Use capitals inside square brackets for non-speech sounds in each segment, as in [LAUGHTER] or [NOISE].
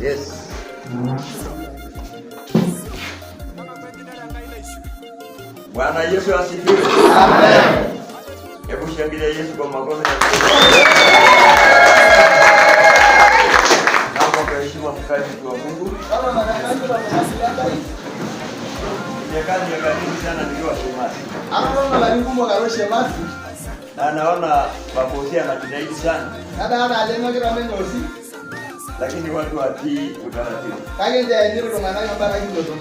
Yes. Bwana Yesu asifiwe. Amen. Hebu shangilia Yesu kwa makofi na kwa heshima mkali kwa Mungu. Ni kazi ya kanisa sana ndio wasemaji. Hapo na mwalimu mwa karoshe basi na naona mabosi anajitahidi sana, hata hata alenyoki tomendosi, lakini watu watii utaratibu. Kaje kake njaenyewe iltung'anak mpaka kiloto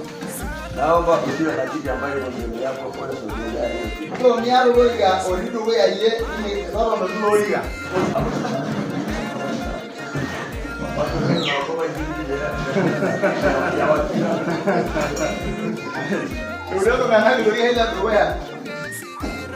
naomba usiwe na kiti ambayo iko mbele yako kwenda kuogelea Kwa Ndio miaro loika orido wewe yeye [LAUGHS] ni roho ndo loika. Ureko kana ndio ile ndio kwa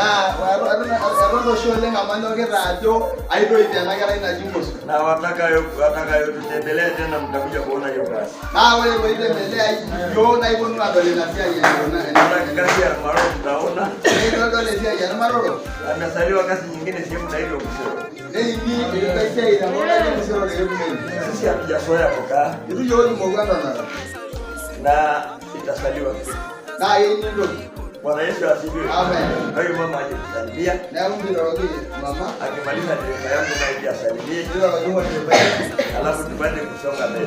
naa eton oshi oleng amu anyokita ajo aitoip ena kerai naji Ngoso. Naa watakayo tutembelee tena mtakuja kuona hiyo kazi. Naa ore kuitembelea hiyo na iponu adol ina siai eniona ena kazi ya maroro mtaona. Nitodol esiai ya maroro. Amesaliwa kazi nyingine sehemu na hivyo kusema. Nei ni ile siai ya maroro kusema ni hiyo. Sisi hatujazoea kukaa. Ndio yote mwanzo na. Na itasaliwa. Na yeye ndio. Bwana Yesu asifiwe. Amen. Hayo mama ajisalimia. Na Mungu anawadia mama. Akimaliza dereva yangu na yeye asalimie. Ndio anajua dereva Alafu tupande kusonga mbele.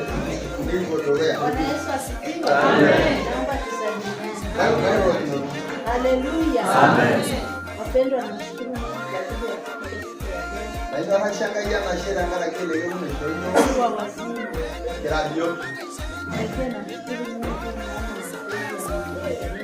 Mungu Bwana Yesu asifiwe. Amen. Naomba tusaidie. Haleluya. Amen. Wapendwa na mshukuru Mungu ya Naitwa Hashangaja kile yeye ni Mungu wa wazungu. Kila dio. Naitwa Mungu kwa ajili ya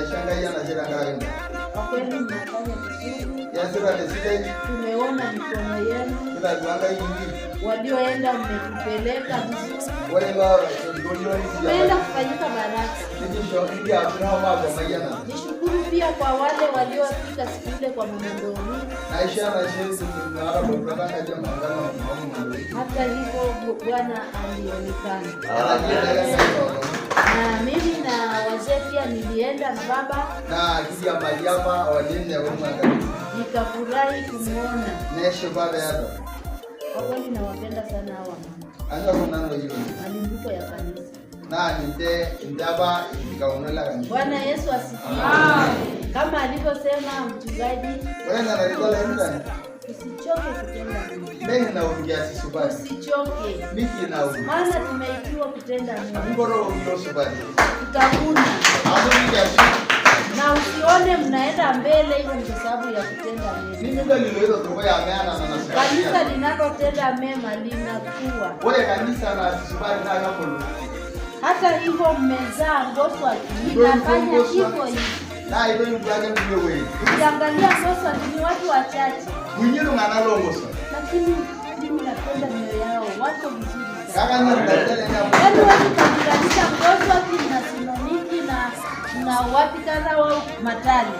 Naishanga hii anachilanga yenu. Tumeona mikono yenu. Walioenda mmetupeleka vizuri. Wale kufanyika baraka. Nishukuru pia kwa wale waliofika siku ile kwa mwenendo huu. hata hivyo Bwana alionekana na mimi na wazee pia nilienda na baba na akili ya Mariama walienda nikafurahi kumuona nesho baba yako. Kwa kweli nawapenda sana hawa mama, anza kunano hiyo alimbuko ya kanisa na nite ndaba ikaonela kanisa. Bwana Yesu asifiwe. Kama alivyosema mchungaji, wewe na nalikuwa na usione mnaenda mbele, hiyo ni sababu ya kutenda mema. Kanisa linalotenda mema linakuwa hata hivyo mmezaa Mbosso akinafanya hivyo hivi. Ukiangalia Mbosso ni watu wachache mwenyewe ngana longosa lakini mimi napenda mioyo yao wako vizuri kaka yaani na ndalele na yani wakikamilisha mgozo kina sinoniki na na wapi kadha wao matani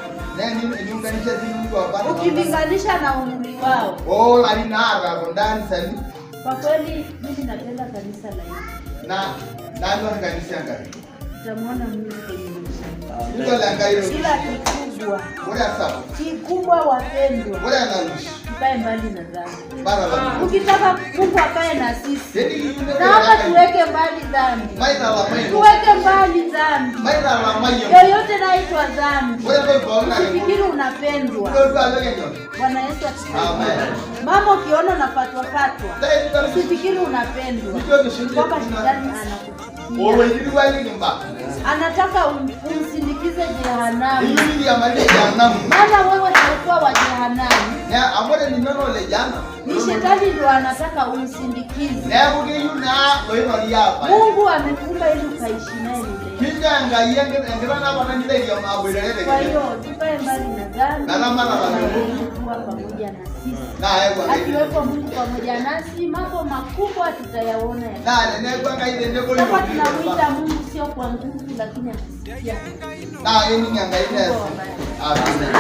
ukilinganisha na umri wao oh la nara bondani sani kwa kweli mimi napenda kanisa la hivi na nani kanisa yangu tutamwona Mungu kwenye maisha kila kitu kikubwa kikubwa, wapendwa, tukae mbali na dhambi. Ukitaka Mungu akae na sisi, naomba tuweke mbali dhambi, tuweke mbali dhambi yoyote naitwa dhambi. Usifikiri unapendwa. Bwana Yesu asifiwe. Mama, ukiona unapatwapatwa, usifikiri unapendwa, kwamba shetani anaku anataka umsindikize jehanamu ili maana wewe kuwa wa jehanamu. Amore ni neno le jana. Ni shetani ndio anataka umsindikize. Nebu ke yuna oyo ni hapa. Mungu amekuumba ili ukaishi naye milele. Kinga ngaiye ngira na bana nile ya mabwele nile. Kwa hiyo tukae mbali na dhambi. Na mama na baba pamoja na sisi. Na hebu akiwepo Mungu pamoja nasi mambo makubwa tutayaona. Na nene kwa ngai nene kwa hiyo. Tunamuita Mungu sio kwa nguvu lakini akisikia. Na yeye ni ngai nasi. Amen.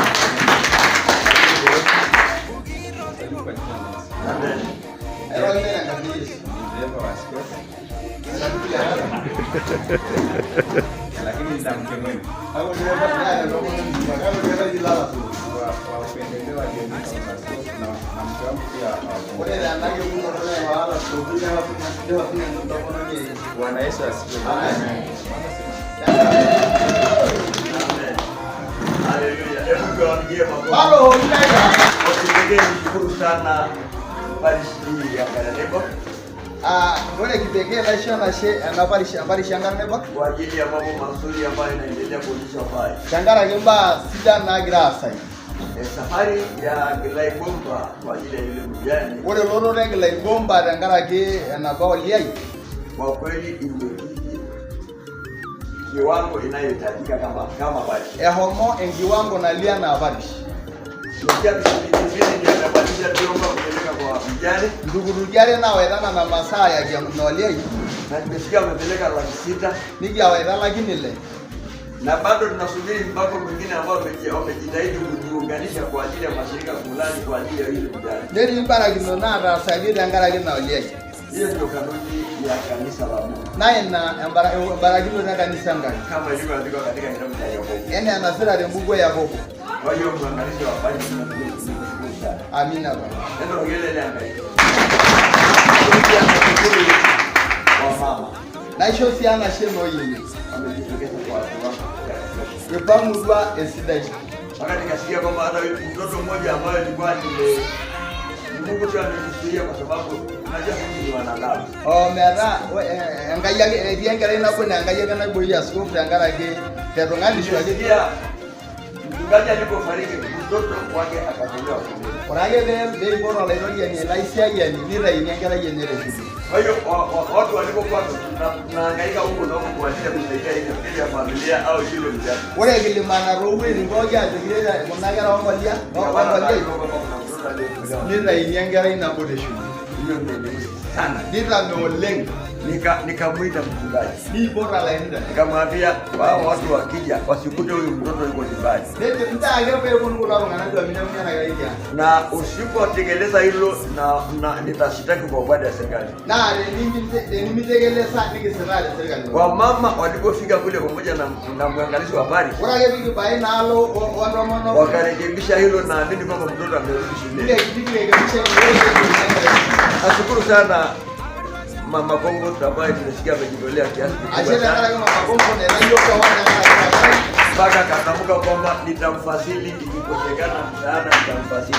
lakini nitamkemea. Bwana Yesu asifiwe. Haleluya. Haleluya. Usitegee mkuru sana bali shilingi ya kanadebo. Ah, Ore kipekee naisho enashe enaparish enkang' naibor kwa ajili ya mambo mazuri ambayo inaendelea kuonyesha pale, tenkaraki imbaa sidan naagira aasayu safari ya Gilai Bomba kwa ajili ya yule mjane. Ore elototo e Gilai Bomba tenkaraki enapa oliai kwa kweli imefikia kiwango inayohitajika kama kama bali ehomo enkiwango nalio enaa parish Ndugu Rujale nawethana na masaa ya nolia nimesikia amepeleka laki sita nigawetha laki nile na bado tunasubiri mpango mwingine ambao wamejitahidi kujiunganisha kwa ajili ya mashirika fulani kwa ajili ya hili vijana. Neri mbarakino natasaki tenkaraki naoliai. Hiyo ndio kanuni ya kanisa la Naye na mbarakino na kanisa ngai. Kama ilivyoandikwa katika kitabu cha Yakobo. Yaani anasira tembuku Yakobo. Kwa hiyo mwangalie wa habari tunashukuru sana. Amina bwana. Ndio ngelele angalia. Kwa mama. Na hiyo si ana shemo hili. Amejitokeza kwa watu wako. Yepamu kwa esidai. Wakati kasikia kwamba hata mtoto mmoja ambaye alikuwa ni Mungu tu mchungaji alipofariki mtoto wake akatolewa. Ore ake pee peipot olaitodiani ele aisiayiani nitaini enkerai enye te shule. Kwa hiyo watu walipokuwa tunahangaika huko na huko kuanzia kusaidia hiyo kile familia au hilo mjana. Ore kilimana toowuejitin pooki ajoki kuna kera onkolia onkolia nitaini enkerai nabo te shule. Nitame oleng' nika nikamwita mchungaji nikamwambia wao watu wakija wasikute huyu mtoto yuko nyumbani, na usipotekeleza hilo na, na nitashitaki kwa baada ya serikali. Kwa mama walipofika kule pamoja na, na mwangalizi wa habari wakarekebisha hilo, naamini kwamba mtoto amerudi shule. Nashukuru sana. Mama Kongo ambaye tunasikia amejitolea kiasi mpaka katamka kwamba nitamfadhili, ikikosekana msaada nitamfadhili.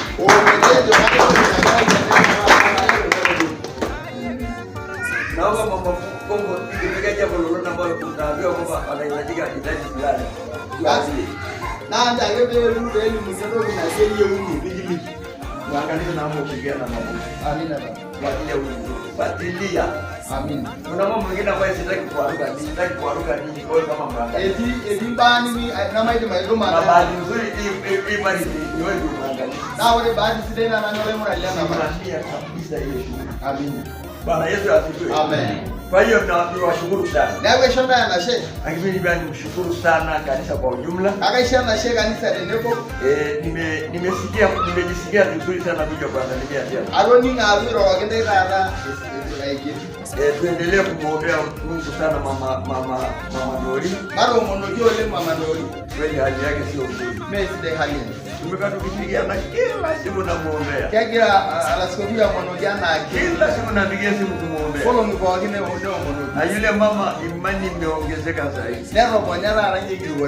Naomba Mama Kongo ikifika jambo lolote ambayo mtaambiwa kwamba anahitajika hitaji fulani kwa ajili ya batilia. Kuna mambo mengine ambayo sitaki sitaki kwa kama Eti eti mbani ni eh, na Na nzuri ni wewe Na wale na kabisa hiyo shughuli. Bwana Yesu asifiwe. Amen. Kwa hiyo niwashukuru sana. Nawe shona na shehe. Lakini pia nimshukuru sana kanisa kwa ujumla. Akaisha na shehe kanisa ndio. Eh, nime nimesikia nimejisikia vizuri sana kuja kwa Tanzania pia. Aroni na Aruro wakende kana. Eh, tuendelee kumwombea Mungu sana mama mama mama Nori. Maro monojole mama Nori. Kweli hali yake sio nzuri. Mimi sije hali yake. Tumekata tukipigiana kila siku na muombea. Kila kila jana kila siku napigia simu kumuombea. Solo ni kwa wengine Na yule mama imani imeongezeka zaidi. Leo kwa nyara rangi kidogo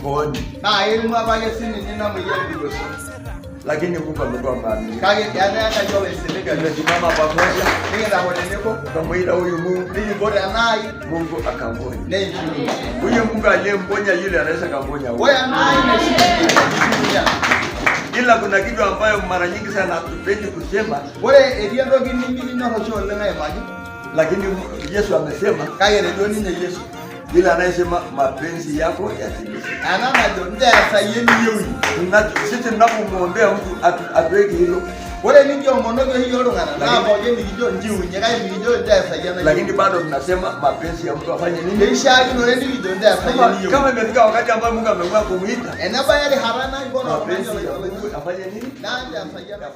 Mboni. Na elimu hapa sini nina mwenye ndio lakini kumbe amekuwa mami. Kage yana hata jua wesemeka ndio mama pamoja. Ninyi na mwaneneko kamwita huyu Mungu. Ninyi bora nai Mungu akambonya. Ninyi. Huyu Mungu aliyemponya yule anaweza kamponya wewe. Wewe nai ila kuna kitu ambayo mara nyingi sana hatupendi kusema. Wewe elia ndo kinini ninacho leo maji. Lakini Yesu amesema, kaya ndio nini Yesu yule anayesema mapenzi yako yatimie. Anama donde asayeni yeye. Tunacho sisi tunapomwombea mtu atuweke hilo. Wale ni ndio monogo hiyo ngana. Na moja ni ndio njiu nyaka ni ndio ndio asayana. Lakini bado tunasema mapenzi ya mtu afanye nini? Maisha yake ndio ni ndio ndio asayani. Kama imefika wakati ambao Mungu amekuwa kumuita. Enaba yale harana mbona afanye nini? Nani asayana?